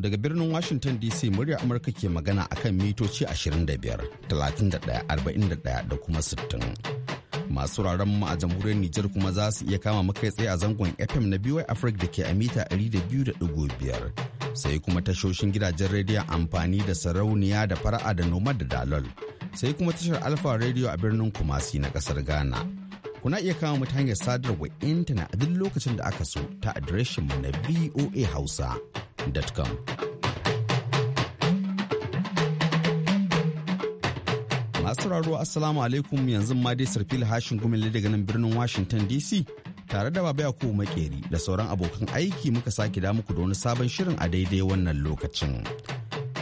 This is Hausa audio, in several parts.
Daga birnin Washington DC murya Amurka ke magana a kan mitoci 25, 31, 41 da kuma 60. Masu raron mu a jamhuriyar Nijar kuma za su iya kama makai tsaye a zangon FM na BY Africa da ke a mita 200.5. Sai kuma tashoshin gidajen rediyon amfani da sarauniya da fara'a da noma da dalol. Sai kuma tashar Alfa Radio a birnin Kumasi na kasar Ghana. kuna iya kama mu ta hanyar sadarwa intanet a duk lokacin da aka so ta adireshin mu na voa hausa amurka.com. Masu sauraro Assalamu alaikum yanzu ma dai sarfil hashin gumin daga nan birnin Washington DC tare da baba Yakubu makeri da sauran abokan aiki muka sake da muku da wani sabon shirin a daidai wannan lokacin.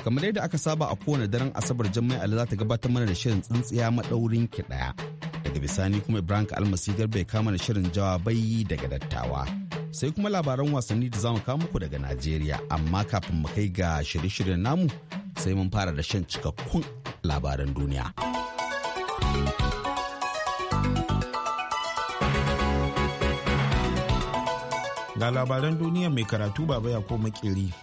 Kamar da aka saba a kowane daren Asabar Jummai Ali za ta gabatar mana da shirin tsintsiya maɗaurin ki ɗaya. Daga bisani kuma Ibrahim Almasi Garba ya kama da shirin jawabai daga dattawa. sai kuma labaran wasanni da zamu kawo muku daga Najeriya amma kafin mu kai ga shirye-shiryen namu sai mun fara da shan cikakkun labaran duniya. Ga labaran duniya mai karatu baba ya ko makeri.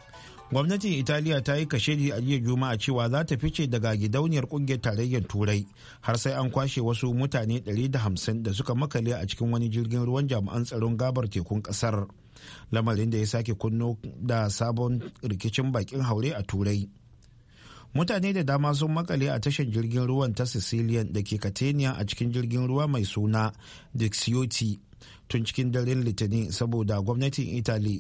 gwamnatin italiya ta yi kashedi a jiya juma'a cewa za ta fice daga gidauniyar kungiyar tarayyar turai har sai an kwashe wasu mutane 150 da suka makale a cikin wani jirgin ruwan jami'an tsaron gabar tekun kasar lamarin da ya sake kunno da sabon rikicin bakin haure a turai mutane da dama sun makale a tashar jirgin ruwan ta sicilian da ke catania a cikin jirgin ruwa mai suna dixioti tun cikin daren litinin saboda gwamnatin itali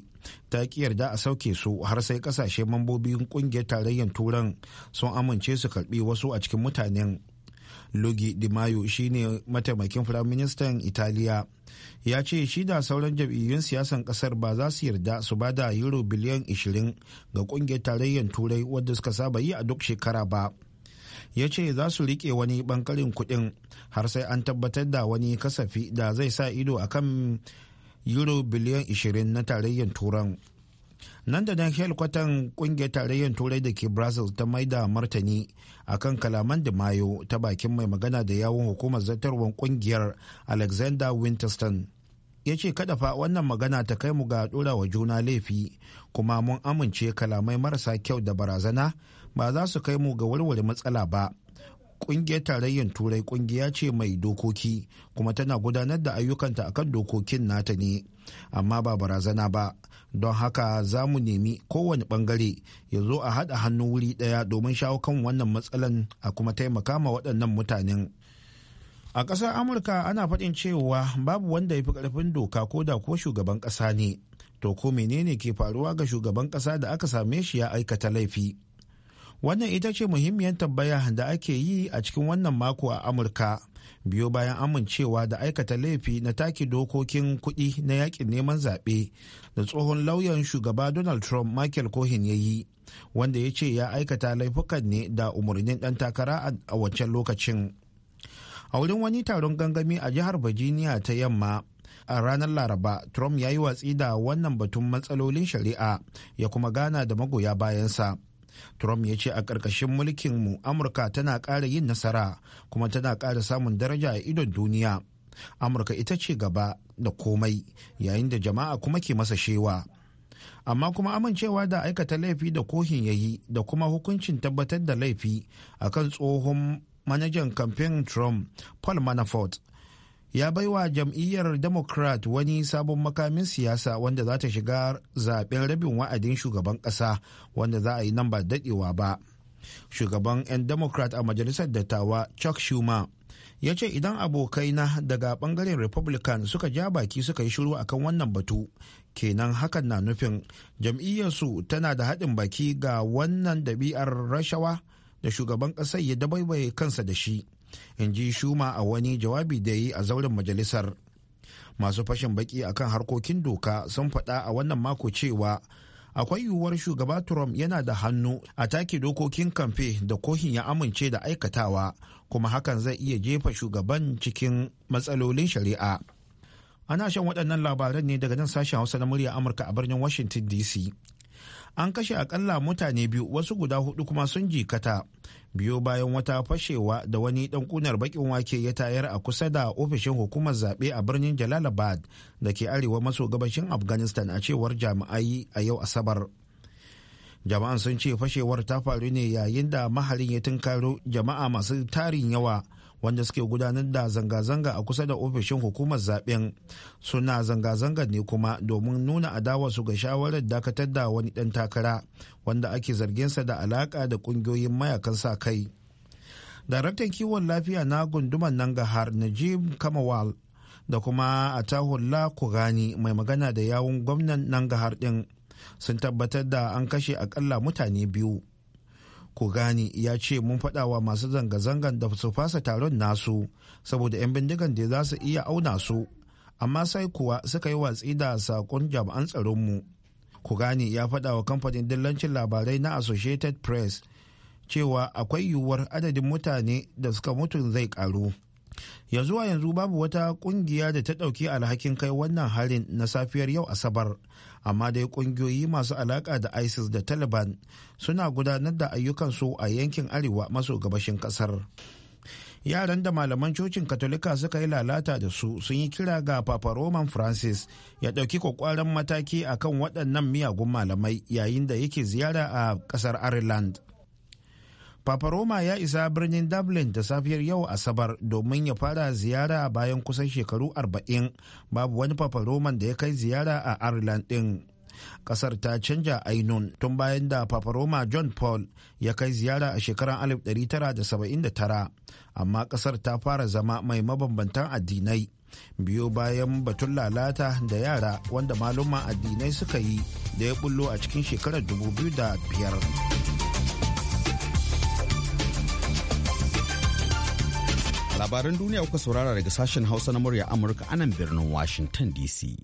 ta ki yarda a sauke su har sai kasashe mambobin kungiyar tarayyar turan sun amince su karbi wasu a cikin mutanen Luigi di Maio shine mataimakin firaministan italiya ya ce shi da sauran jam'iyyun siyasan kasar ba za su yarda su ba da euro biliyan 20 ga kungiyar tarayyar turai wadda suka saba yi a duk shekara ba ya ce za su rike wani ɓangaren kudin har sai an tabbatar da wani kasafi da zai sa ido a kan euro biliyan 20 na tarayyar turan nan da nan helkwatan kungiyar tarayyar turai da ke brazil ta maida martani akan kalaman da mayo ta bakin mai magana da yawon hukumar zartarwar kungiyar alexander winterston ya ce kada fa wannan magana ta kai mu ga dora wa juna laifi kuma mun amince kalamai marasa kyau da barazana ba za su kai mu ga warware matsala ba Ƙungiyar tarayyar Turai ƙungiya ce mai dokoki kuma tana gudanar da ayyukanta akan dokokin nata ne, amma ba barazana ba. Don haka za mu nemi kowane bangare ya zo a haɗa hannu wuri ɗaya domin shawo kan wannan matsalan a kuma taimaka ma waɗannan mutanen. A ƙasar Amurka ana faɗin cewa babu wanda ya fi ƙarfin doka ko da ko shugaban ƙasa ne. To ko menene ke faruwa ga shugaban ƙasa da aka same shi ya aikata laifi? Wannan ita ce muhimmiyar tambaya da ake yi a cikin wannan mako a Amurka. Biyo bayan amincewa da aikata laifi na taki dokokin kuɗi na yakin neman zaɓe da tsohon lauyan shugaba Donald Trump Michael Cohen ya yi, wanda ya ce ya aikata laifukan ne da umarnin ɗan takara a wancan lokacin. A wurin wani taron gangami a jihar Virginia ta yamma, a ranar laraba trump ya yi watsi da wannan batun matsalolin shari'a ya kuma gana da magoya bayansa Trump ya ce a ƙarƙashin mulkinmu Amurka tana ƙara yin nasara kuma tana ƙara samun daraja a idon duniya. Amurka ita ce gaba da komai yayin da jama'a kuma ke masa shewa. Amma kuma amincewa da aikata laifi da kohin ya yi da kuma hukuncin tabbatar da laifi akan tsohon manajan kamfen Trump Paul Manafort ya bai wa jam'iyyar democrat wani sabon makamin siyasa wanda za ta shiga zaben rabin wa'adin shugaban ƙasa wanda za a yi nan ba daɗewa ba shugaban 'yan democrat a majalisar dattawa chuck schumer ya ce idan na daga bangaren republican suka ja baki suka yi shiru akan wannan batu kenan hakan na nufin jam'iyyarsu tana da haɗin baki ga wannan ɗabi'ar rashawa da shugaban ƙasar ya dabaibaye kansa da shi in ji shuma a wani jawabi da yi a zauren majalisar masu fashin baki akan harkokin doka sun faɗa a wannan mako cewa akwai yiwuwar shugaba trump yana da hannu a take dokokin kamfe da kohin ya amince da aikatawa kuma hakan zai iya jefa shugaban cikin matsalolin shari'a ana shan waɗannan labaran ne daga nan sashen hausa na murya amurka a birnin washington dc an kashe akalla mutane biyu wasu guda hudu kuma sun jikata biyu bayan wata fashewa da wani dan kunar bakin wake ya tayar a kusa da ofishin hukumar zaɓe a birnin jalalabad da ke arewa maso gabashin afghanistan a cewar jami'ai a yau asabar jama'an sun ce fashewar ta faru ne yayin da mahalin ya tunkaro jama'a masu tarin yawa wanda suke gudanar da zanga-zanga a kusa da ofishin hukumar zaben suna zanga zanga ne kuma domin nuna adawa su ga shawarar dakatar da wani dan takara wanda ake zarginsa da alaƙa da ƙungiyoyin mayakan sa kai daraktan kiwon lafiya na gunduman nangahar najib kamawal da kuma atahulla kugani mai magana da yawun gwamnan nan nangahar din sun tabbatar da an kashe akalla mutane biyu Kogani ya ce mun faɗawa masu zanga-zangan da su fasa taron nasu saboda 'yan bindigan da za su iya auna su, amma sai kuwa suka yi watsi da saƙon jami'an tsaronmu. Kogani ya faɗa wa kamfanin dillancin labarai na Associated Press cewa akwai yiwuwar adadin mutane da suka mutu zai ƙaru. ya zuwa yanzu babu wata kungiya da ta ɗauki alhakin kai wannan harin na safiyar yau asabar amma dai kungiyoyi masu alaƙa da isis da taliban suna gudanar da ayyukansu a yankin arewa maso gabashin ƙasar yaran da malaman cocin katolika suka yi lalata da su sun yi kira ga papa roman francis ya ɗauki kwakwaran mataki akan waɗannan miyagun malamai yayin da yake ziyara a ƙasar ireland Papa Roma ya isa birnin Dublin da safiyar yau Asabar domin ya fara ziyara bayan kusan shekaru 40 babu wani Papa Roman da ya kai ziyara a Ireland ɗin. Kasar ta canja ainun tun bayan da Papa Roma John Paul ya kai ziyara a shekarar 1979, amma kasar ta fara zama mai mabambantan addinai. biyo bayan batun lalata da yara wanda maluma addinai suka yi da ya bullo a cikin shekarar 2005. Labaran duniya kuka saurara daga sashen Hausa na murya Amurka anan birnin Washington DC.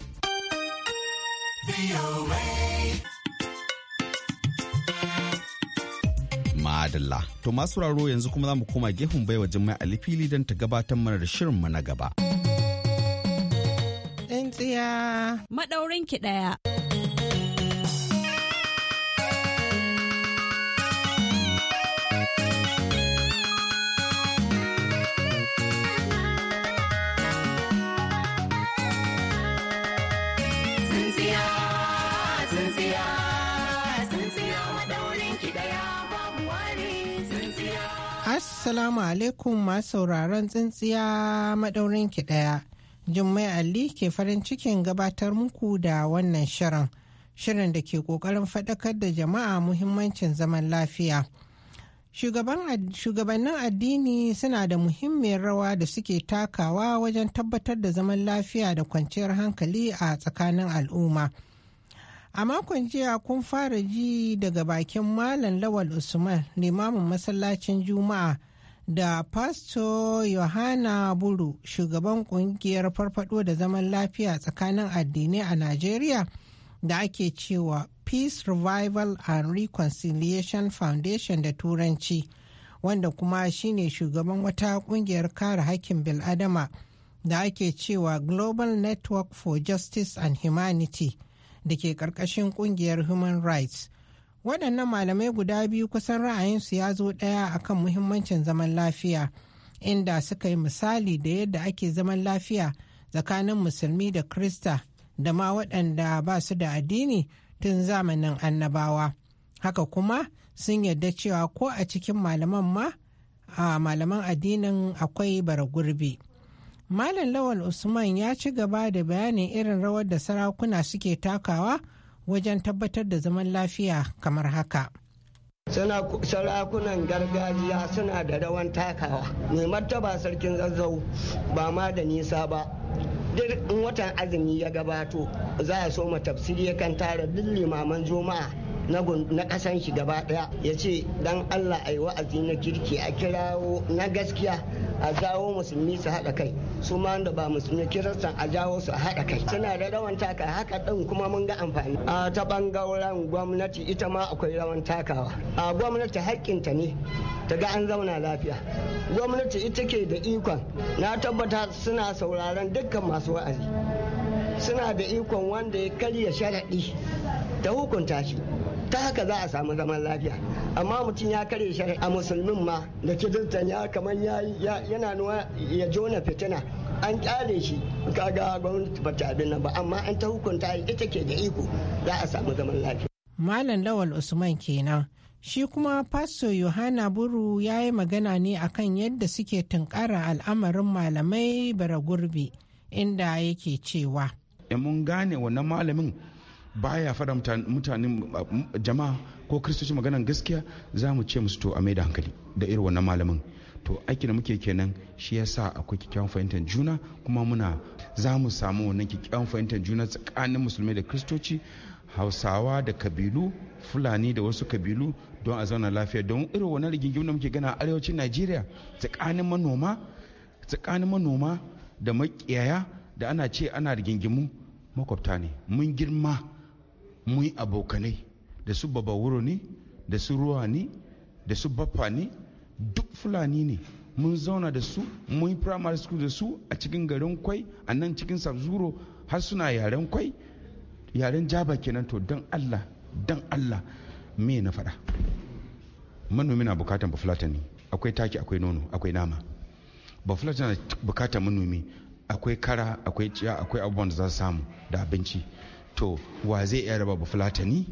Madalla, to masu raro yanzu kuma za mu koma gefen baiwa Jummai fili don ta gabatar mana da shirinmu na gaba. Maɗaurinki ɗaya. Assalamu alaikum masu sauraron tsintsiya maɗaurin ki ɗaya. Jummai Ali ke farin cikin gabatar muku da wannan shirin. Shirin da ke ƙoƙarin faɗakar da jama'a muhimmancin zaman lafiya. Shugabannin addini suna da muhimmiyar rawa da suke takawa wajen tabbatar da zaman lafiya da kwanciyar hankali a tsakanin al'umma. A makon jiya kun fara ji daga bakin Malam Lawal Usman, limamin masallacin Juma'a. da Pasto Yohana Buru, shugaban kungiyar farfado da zaman lafiya tsakanin addinai a Najeriya da ake cewa Peace Revival and Reconciliation Foundation da Turanci, wanda kuma shine shugaban wata kungiyar kare hakkin bil'adama da ake cewa Global Network for Justice and Humanity da ke ƙarƙashin kungiyar Human Rights. waɗannan malamai guda biyu kusan ra'ayinsu ya zo ɗaya a kan muhimmancin zaman lafiya inda suka yi misali da yadda ake zaman lafiya tsakanin musulmi da krista da ma waɗanda ba su da addini tun zamanin annabawa haka kuma sun yarda cewa ko a cikin malaman ma a malaman addinin akwai bara malam lawal usman ya ci gaba da bayanin irin rawar da sarakuna suke takawa wajen tabbatar da zaman lafiya kamar haka. sarakunan gargajiya suna da rawan takawa mai martaba sarkin zazzau ba ma da nisa ba duk watan azumi ya gabato za a so tafsiri kan tara duk limaman juma'a na kasan shi gaba daya ya ce dan allah a yi wa'azi na kirki a kirawo na gaskiya a jawo musulmi su haɗa kai su ma da ba musulmi kiristan a jawo su haɗa kai suna da rawan taka haka ɗin kuma mun ga amfani a ta ɓangaren gwamnati ita ma akwai rawan takawa a gwamnati haƙƙinta ne ta ga an zauna lafiya gwamnati ita ke da ikon na tabbata suna sauraron dukkan masu wa'azi suna da ikon wanda ya karya sharaɗi ta hukunta shi ta haka za a samu zaman lafiya amma mutum ya kare shari'a musulmin ma da kiristan ya kamar yana nuwa ya jona fitina an kyale shi kaga gwamnati ta abin nan ba amma an ta hukunta ita ke da iko za a samu zaman lafiya malam lawal usman kenan shi kuma Fasto yohana buru ya yi magana ne akan yadda suke tunkara al'amarin malamai bara gurbi inda yake cewa in mun gane wannan malamin baya fada mutanen jama'a ko kristoci magana gaskiya za mu ce musu to a mai da hankali da irin wannan malamin to aiki da muke kenan shi ya sa akwai kyakkyawan fahimtar juna kuma muna za mu samu wannan kyakkyawan fahimtar juna tsakanin musulmi da kristoci hausawa da kabilu fulani da wasu kabilu don a zauna lafiya don irin wannan rigingimu da muke gana a arewacin najeriya tsakanin manoma tsakanin manoma da makiyaya da ana ce ana rigingimu makwabta ne mun girma mun abokanai da su baba wuro ne da su ruwa ne da su baffa ne duk fulani ne mun zauna da su mun yi primary school da su a cikin garin kwai a nan cikin sabzuro har suna yaren kwai yaren jaba kenan to don allah don allah me na faɗa manomi na bukatan ne akwai taki akwai nono akwai nama bafulatani na bukatan manomi akwai kara akwai ciya akwai abubuwan da za su samu da abinci to wa zai iya raba fulatani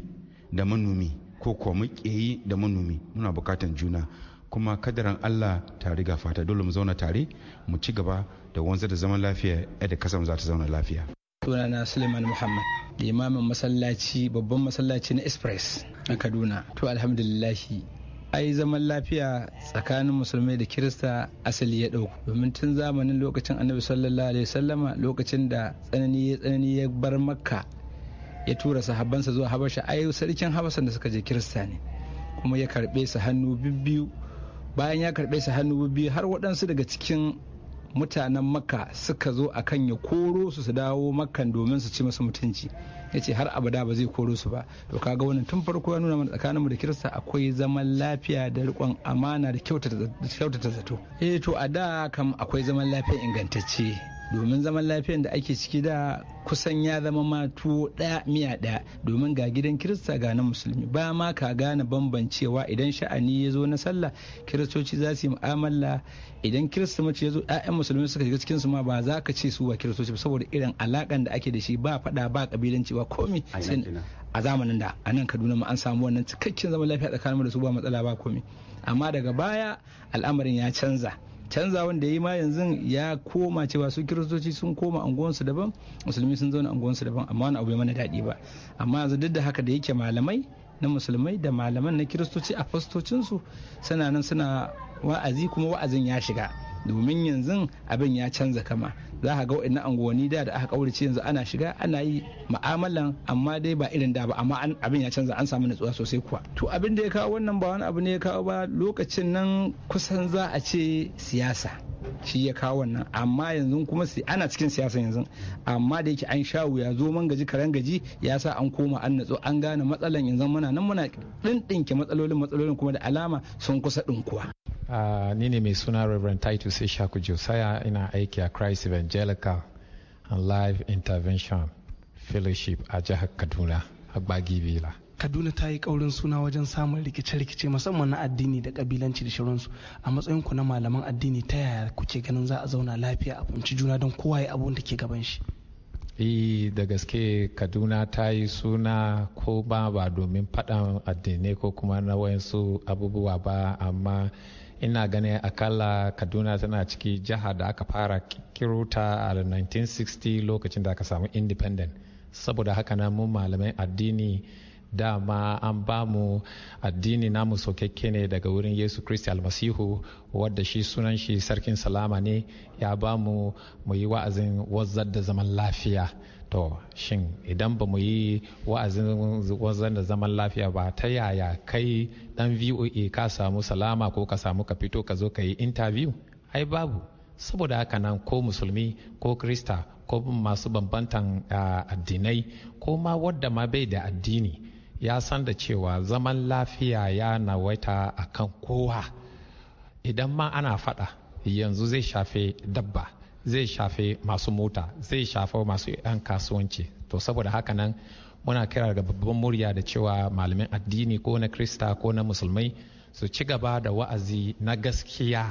da manomi ko kuwa yi da manomi muna bukatan juna kuma kadaran Allah tare ga fata dole mu zauna tare mu ci gaba da wanzar da zaman lafiya yadda kasan za ta zauna lafiya sunana Suleiman Muhammad imamin masallaci babban masallaci na Express na Kaduna to alhamdulillahi ai zaman lafiya tsakanin musulmai da kirista asali ya dauku domin tun zamanin lokacin annabi sallallahu alaihi wasallama lokacin da tsanani ya tsanani ya bar makka ya tura sahabbansa zuwa habasha ai sarkin habasan da suka je kirista ne kuma ya karbe su hannu bibbiyu bayan ya karbe su hannu biyu har waɗansu daga cikin mutanen makka suka zo a kan ya koro su su dawo makkan domin su ci masu mutunci ya ce har abada ba zai koro su ba to kaga wannan tun farko ya nuna mana tsakaninmu da kirista akwai zaman lafiya da riƙon amana da kyautata zato eh to a da kam akwai zaman lafiya ingantacce domin zaman lafiyan da ake ciki da kusan ya zama ma tuwo ɗaya miya ɗaya domin ga gidan kirista ga na musulmi ba ma ka gane bambancewa idan sha'ani ya zo na sallah kiristoci za su yi mu'amala idan kirista mace ya zo ɗayan musulmi suka shiga cikin su ma ba za ka ce su ba kiristoci saboda irin alakan da ake da shi ba faɗa ba kabilanci ba komi a zamanin da a nan kaduna ma an samu wannan cikakken zaman lafiya tsakanin da su ba matsala ba komi amma daga baya al'amarin ya canza canzawan da ya yi ma yanzu ya koma cewa su kiristoci sun koma unguwansu daban musulmi sun zauna unguwansu daban amma wani abu mana daɗi ba amma yanzu duk da haka da yake malamai na musulmai da malaman na kiristoci a fastocinsu suna nan suna wa'azi kuma wa'azin ya shiga domin yanzu abin ya canza kama za ka ga waɗannan unguwanni da da aka kaurace yanzu ana shiga ana yi ma'amalan amma dai ba irin da ba amma abin ya canza an samu nutsuwa sosai kuwa to abin da ya kawo wannan ba wani abu ne ya kawo ba lokacin nan kusan za a ce siyasa shi ya kawo wannan amma yanzu kuma ana cikin siyasa yanzu amma da yake an sha wuya zo man gaji karan gaji ya sa an koma an natsu an gane matsalan yanzu muna nan muna ɗinɗinke matsalolin matsalolin kuma da alama sun kusa ɗinkuwa. Ah, ni ne mai suna Reverend Titus Ishaku Josiah ina aiki a Christ Evangelical and Life Intervention Fellowship a jihar Kaduna a Gbagi Villa. kaduna ta yi kaurin suna wajen samun rikice-rikice musamman na addini da kabilanci da shirinsu a matsayin ku na malaman addini ta yaya kuke ganin za a zauna lafiya a fahimci juna don kowa ya abun da ke gaban shi e da gaske kaduna ta yi suna ko ba ba domin faɗan addinai ko kuma na wayansu abubuwa ba amma ina ganin akalla kaduna tana ciki jihar da aka fara kiruta a 1960 lokacin da aka samu independent saboda haka na mun malamai addini dama an ba mu addini namu sokakke ne daga wurin yesu kristi almasihu wadda shi sunan shi sarkin salama ne ya ba mu mu yi wa'azin wazzar da zaman lafiya to shin idan ba mu yi wa'azin wazzar da zaman lafiya ba ta yaya kai dan voa ka samu salama ko ka samu ka fito ka zo ka yi interview ai babu saboda haka nan ko musulmi ko krista ko masu bambantan ah, addinai ko ma wadda ma bai da addini ya san da cewa zaman lafiya ya nawaita a kan kowa idan ma ana fada yanzu zai shafe dabba zai shafe masu mota zai shafe masu 'yan kasuwanci to saboda haka nan muna kira ga babban murya da cewa malamin addini ko na krista ko na musulmai su ci gaba da wa'azi na gaskiya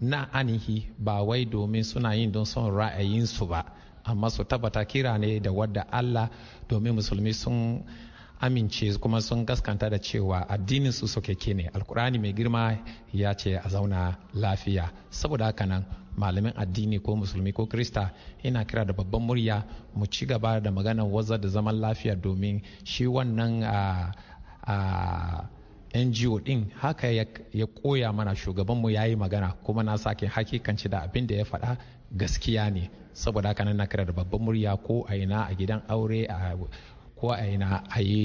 na anihi ba wai domin suna yin don son ra'ayinsu ba amma su tabbata kira ne da wadda allah domin musulmi sun amince kuma sun gaskanta da cewa addinin su sokeke ne alkurani mai girma ya ce a zauna lafiya saboda haka nan malamin addini ko musulmi ko krista ina kira da babban murya mu ci gaba da maganar wazar da zaman lafiya domin shi wannan a ngo din haka ya koya mana shugabanmu ya yi magana kuma na sake hakikanci da abin da ya faɗa gaskiya ne saboda haka nan na kira da babban murya ko a ina a gidan aure a ko a ina a yi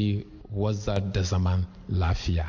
wazar da zaman lafiya.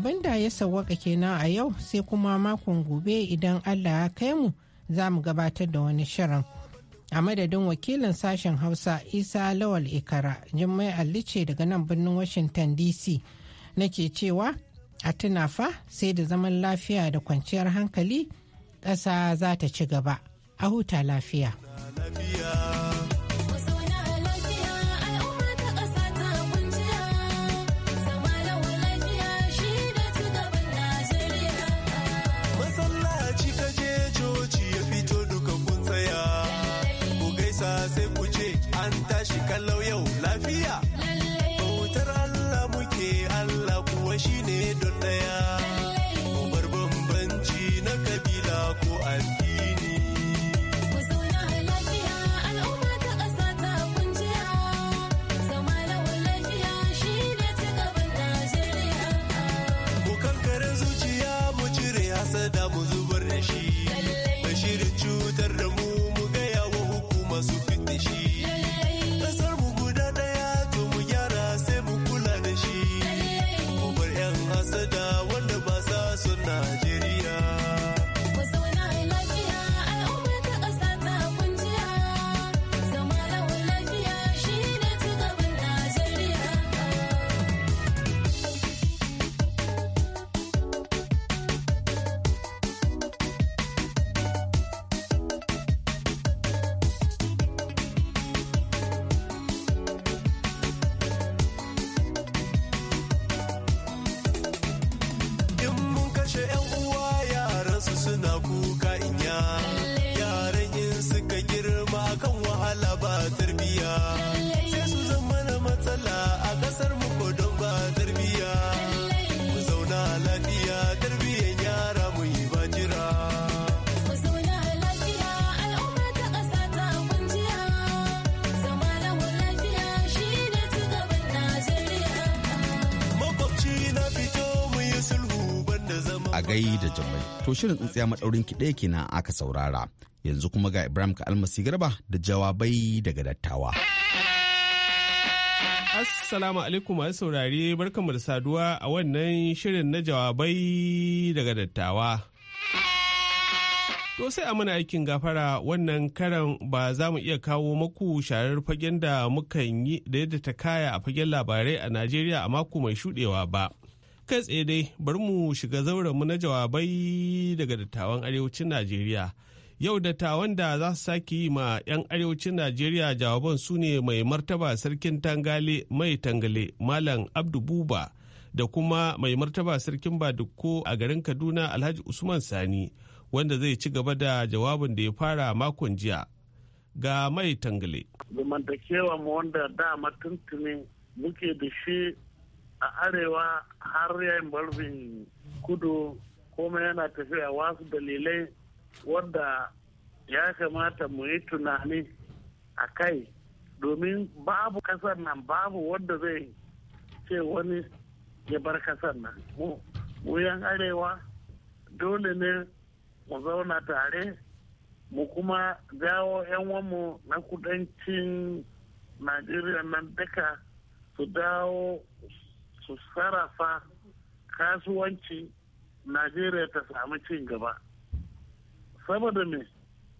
abin da ya sawwaka kenan a yau sai kuma makon gobe idan allah ya kai mu za mu gabatar da wani shirin a madadin wakilin sashen hausa isa lawal ikara jummai allice daga nan birnin washington dc nake cewa a tuna fa sai da zaman lafiya da kwanciyar hankali ƙasa za ta ci gaba a huta lafiya. kallau yau To shirin tsintsiya maɗaurin ki ɗaya kenan aka saurara. Yanzu kuma ga Ibrahim ka almasi garba da jawabai daga dattawa. Assalamu alaikum masu saurare barkanmu da saduwa a wannan shirin na jawabai daga dattawa. To sai a mana aikin gafara wannan karan ba za mu iya kawo maku sharar fagen da mukan yi da yadda ta kaya a fagen labarai a Najeriya a mako mai shudewa ba. Kai tsaye dai bari mu shiga mu na jawabai daga dattawan arewacin Najeriya. Yau dattawan da za su sake yi ma 'yan arewacin Najeriya jawaban su ne mai martaba sarkin Tangale mai Tangale Malam Abdu Buba da kuma mai martaba sarkin baduko a garin Kaduna Alhaji Usman Sani wanda zai ci gaba da jawabin da ya fara makon jiya. Ga mai Tangale. Zamantakewa mu wanda da mutuntuni muke da shi a arewa har ya balbin kudu kuma yana tafiya wasu dalilai wadda ya kamata mu yi tunani a kai domin babu kasar nan babu wadda zai ce wani ya bar kasar nan mu yan arewa dole ne mu zauna tare mu kuma jawo 'yan na kudancin najeriya nan duka su dawo su sarrafa kasuwanci najeriya ta samu cin gaba saboda me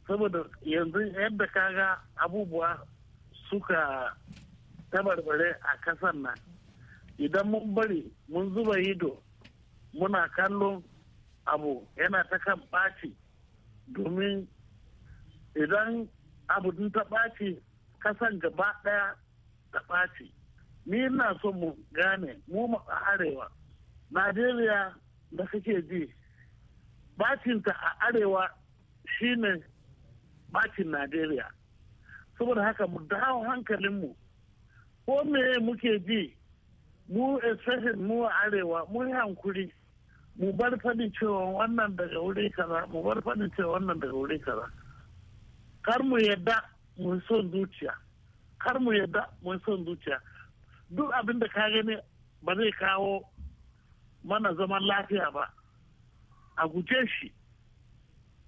saboda yanzu yadda kaga abubuwa suka tabarbare a kasar nan idan mun bari mun zuba ido muna kallon abu yana ta kan ɓaci domin idan abu ta ɓaci kasan gaba ɗaya ta ɓaci ni ina son mu gane mu a arewa najeriya da kake ji bacinta a arewa shine bacin najeriya saboda haka mu dawo hankalinmu ko me muke ji mu especially mu a arewa mu yi hankuri mu bar fadi cewa wannan daga wuri kaza mu bar fadi cewa wannan daga wuri kaza kar mu yadda mu son zuciya kar mu yadda mu son zuciya duk abin da ka gani ba zai kawo mana zaman lafiya ba a guje shi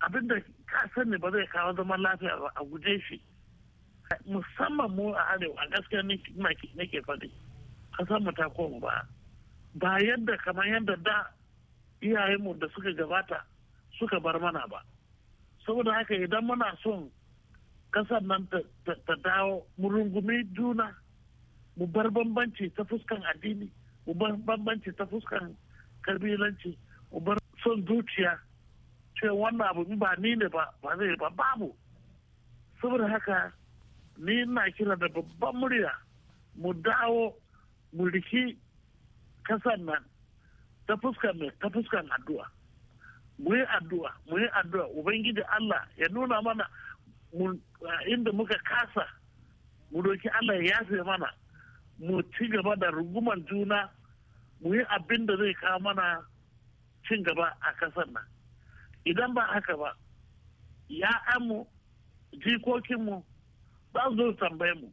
abin da ka sani ba zai kawo zaman lafiya ba a guje shi musamman mu a arewa gaskiya nake faɗi ƙasar mu ta koma ba ba yadda kamar yadda da iyayenmu da suka gabata suka bar mana ba saboda haka idan muna son kasar nan ta dawo mu rungumi juna mu bar bambanci ta fuskan addini mu bar bambanci ta fuskan kabilanci mu bar son zuciya cewa wannan abu ba ni ne ba ba zai ba babu saboda haka ni na kira da babban murya mu dawo mu riki kasan nan ta fuskan mai ta fuskan addu'a mu yi addu'a mu yi addu'a ubangiji Allah ya nuna mana inda muka kasa mu doki Allah ya yafe mana mu ci gaba da ruguman juna mu yi abin da zai kawo mana cin gaba a kasar nan idan ba haka ba ya amu jikokinmu za su zo tambaye mu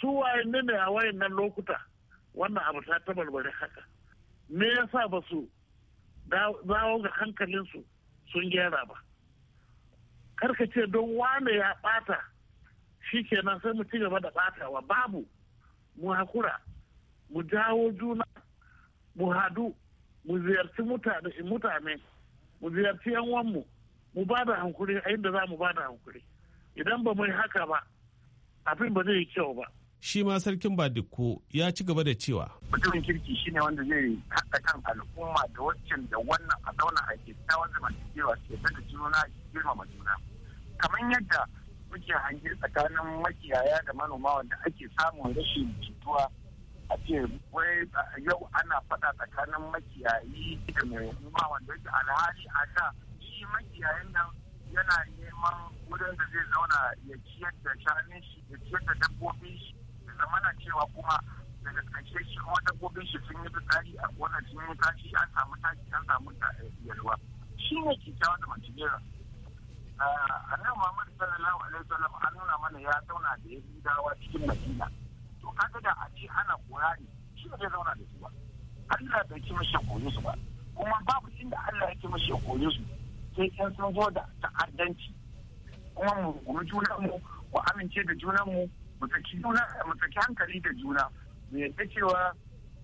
su waye ne a wayan nan lokuta wannan abu ta tabarbare haka me yasa ba su dawo ga hankalinsu sun gyara ba karka ce don wane ya bata shi kenan sai mu ci gaba da batawa babu mu hakura mu jawo juna mu hadu mu ziyarci mutane mu ziyarci yan wanmu mu ba da hankuri a inda za mu ba da hankuri idan ba mu yi haka ba abin ba zai yi kyau ba shi ma sarkin badikko ya ci gaba da cewa mutumin kirki shine wanda zai haɗa kan al'umma da waccan da wannan a zauna a ke ta wanda masu cewa ke da juna girmama juna kamar yadda muke hange tsakanin makiyaya da manoma wanda ake samun rashin jituwa a ce wai yau ana faɗa tsakanin makiyayi da mai noma wanda yake alhali a da shi makiyayin nan yana neman wurin da zai zauna ya ciyar da shanun shi ya ciyar da dabbobin shi da zamana cewa kuma daga ƙarshe shi kuma dabbobin shi sun yi fitsari a gonar sun yi tashi an samu taki an samu eh, yalwa shi ne ke kyawun da mace Ah, annabi Muhammad sallallahu alaihi wasallam an nuna mana ya zauna da Yahudawa cikin Madina to kaga da a ce ana koya ne shi ne zauna da su ba Allah bai ci mashi koyo su ba kuma babu inda Allah yake mashi koyo su sai in sun zo da ta'addanci kuma mu gumi juna mu mu amince da juna mu mu saki juna mu saki hankali da juna mu yadda cewa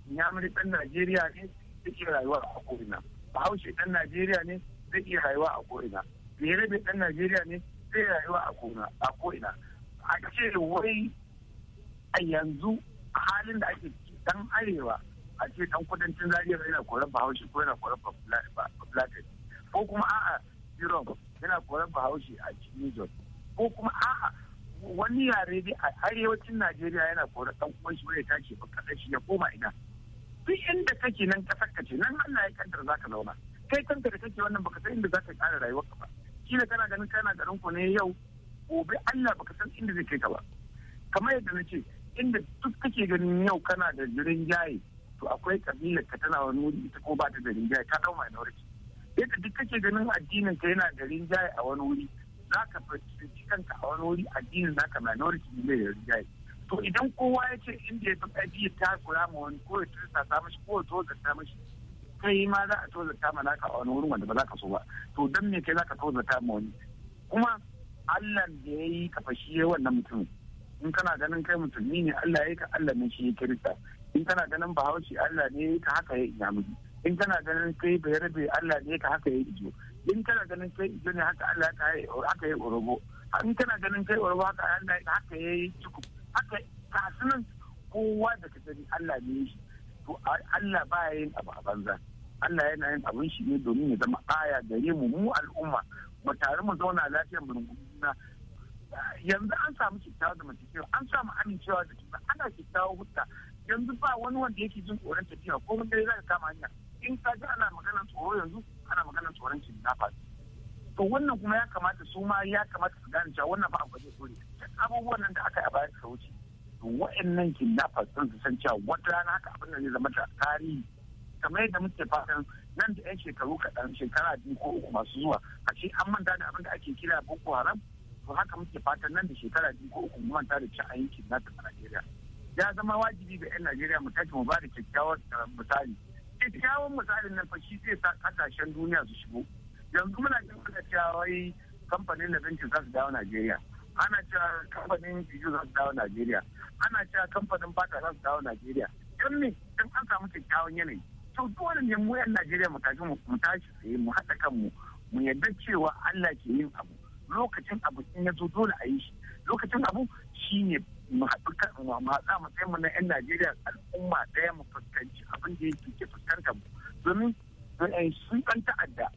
Nyamiri ɗan Najeriya ne yake rayuwa a ko'ina. Bahaushe ɗan Najeriya ne zai iya rayuwa a ko'ina. ya rabe ɗan Najeriya ne zai rayuwa a kona a ko'ina. A ce wai a yanzu halin da ake dan arewa a ce dan kudancin zariya yana koran Bahaushe ko yana koran Bafulatin ko kuma a'a jiron yana koran Bahaushe a cikin jiron ko kuma a'a wani yare ne a arewacin Najeriya yana koran dan kuma shi ya tashi ba kada shi ya koma ina. Duk inda kake nan kasar ka ce nan Allah ya kaddara zaka zauna. Kai kanka da kake wannan baka san inda zaka kara rayuwarka ba. kila kana ganin kana garin ku ne yau gobe Allah baka san inda zai kai ka ba kamar yadda na ce inda duk kake ganin yau kana da jirin jaye to akwai kabila ka tana wani wuri ita ko ba ta da rinjaye ka dau minority yadda duk kake ganin addinin ka yana da rinjaye a wani wuri za ka fahimci kanka a wani wuri addinin na minority ne da rinjaye to idan kowa ya ce inda ya fi ƙarfi ta takura ma wani ko ya tursa ta mashi ko ya tozarta mashi kai ma za a tozata ma naka a wani wurin wanda ba za ka so ba to dan me kai za ka tozata ma wani kuma Allah da ya yi ka fashi wannan mutum in kana ganin kai musulmi ne Allah ya yi ka Allah ne shi ya kirista in kana ganin bahaushe Allah ne ya yi ka haka ya inyamuri in kana ganin kai rabe Allah ne ya ka haka ya ijo in kana ganin kai ijo ne haka Allah haka ya orobo in kana ganin kai orobo haka Allah haka ya yi cikin haka kasunan kowa da ka gani Allah ne ya shi to Allah ba yin abu a banza Allah yana yin abin shi ne domin ya zama aya gare mu mu al'umma mu tare mu zauna lafiyar mu rungumuna yanzu an samu kyakkyawa da mutum an samu amincewa da juna ana kyakkyawa hutta yanzu ba wani wanda yake jin tsoron tafiya ko za ka kama hanya in ka ji ana maganar tsoro yanzu ana maganar tsoron kidnappers to wannan kuma ya kamata su ma ya kamata su gane cewa wannan ba abu ne abubuwan nan da aka yi a baya ka wuce to wa'annan kidnappers sun su san cewa wata rana haka abin da zai zama tarihi kamar yadda muke fatan nan da 'yan shekaru kaɗan shekara biyu ko uku masu zuwa a ce an manta da abin da ake kira boko haram to haka muke fatan nan da shekara biyu ko uku mu manta da cin ayyukan kidnappers a Najeriya ya zama wajibi ga 'yan Najeriya mu tafi mu ba da kyakkyawar misali kyakkyawan misalin nan fa shi zai sa kasashen duniya su shigo yanzu muna jin kuna cewa wai kamfanin da za su dawo Najeriya ana cewa kamfanin jiyu za su dawo najeriya ana cewa kamfanin bata za su dawo najeriya don me don an samu kyakkyawan yanayi to dole ne mu yan najeriya mu tashi mu tashi tsaye mu haɗa kanmu mu yarda cewa allah ke yin abu lokacin abu in ya zo dole a yi shi lokacin abu shi ne mu haɗu kan mu haɗa matsayin mu na yan najeriya al'umma ɗaya mu fuskanci abin da yake fuskanta mu domin eh, sun ɗan ta'adda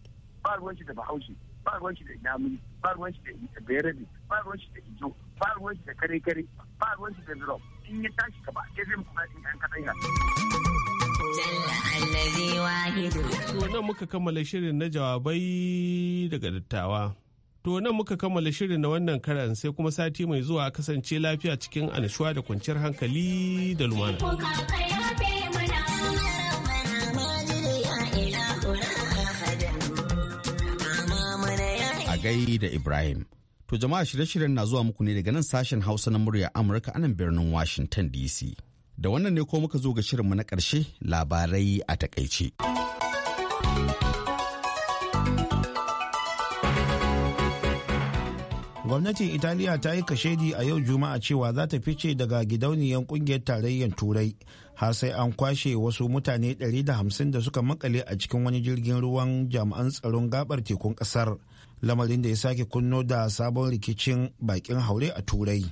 ba ruwan shi da bahaushe ba ruwan shi da inamuni ba ruwan shi da bayarabe ba ruwan shi da ijo ba ruwan shi da kare kare ba ruwan shi da zuro in ya tashi ka ba ke zai muku in an kaɗai ya. To nan muka kammala shirin na jawabai daga dattawa. To nan muka kammala shirin na wannan karan sai kuma sati mai zuwa kasance lafiya cikin annashuwa da kwanciyar hankali da lumana. gai da Ibrahim. To jama'a shirye-shiryen na zuwa muku ne daga nan sashen Hausa na murya Amurka anan birnin Washington DC. Da wannan ne ko muka zo ga shirinmu na ƙarshe labarai a takaice. Gwamnatin Italiya ta yi kashedi a yau Juma'a cewa za ta fice daga gidauniyar kungiyar tarayyar Turai har sai an kwashe wasu mutane 150 da suka makale a cikin wani jirgin ruwan jami'an tsaron gabar tekun kasar lamarin da ya sake kunno da sabon rikicin bakin haure a turai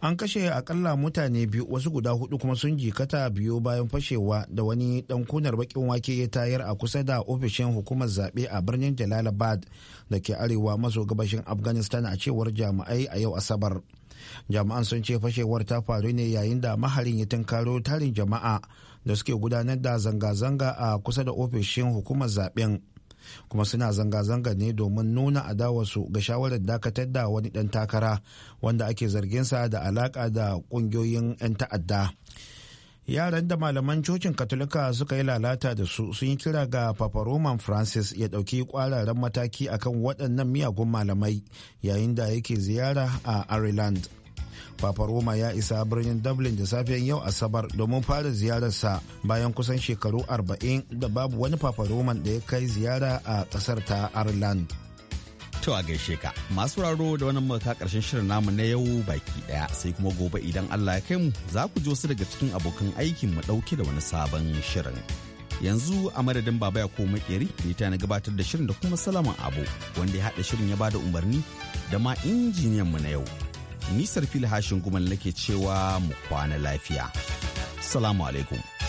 an kashe akalla mutane biyu wasu guda hudu kuma sun jikata biyu bayan fashewa da wani dan kunar bakin wake ya tayar a kusa da ofishin hukumar zaɓe a birnin jalalabad da ke arewa maso gabashin afghanistan a cewar jami'ai a yau asabar jami'an sun ce fashewar ta faru ne yayin da maharin ya tunkaro tarin jama'a da suke gudanar da zanga-zanga a kusa da ofishin hukumar zaɓen kuma suna zanga-zanga ne domin nuna adawarsu ga shawarar dakatar da wani ɗan takara wanda ake zarginsa da alaƙa da ƙungiyoyin 'yan ta'adda. yaran da malaman cocin katolika suka yi lalata da su sun yi kira ga papa roman francis ya ɗauki kwararen mataki akan waɗannan miyagun malamai yayin da yake ziyara a ireland Papa Roma ya isa birnin Dublin da safiyan yau Asabar domin fara ziyararsa bayan kusan shekaru 40 da babu wani Papa Roman da ya kai ziyara a kasar ta Ireland. To a gaishe ka masu raro da wannan muka karshen shirin namu na yau baki ɗaya sai kuma gobe idan Allah ya kai mu za ku ji wasu daga cikin abokan aikin mu ɗauke da wani sabon shirin. yanzu a madadin baba ya ko makeri da na gabatar da shirin da kuma salaman abu wanda ya haɗa shirin ya bada umarni da ma injiniyan mu na yau nisar fili hashin gumal nake cewa mu kwana lafiya salamu alaikum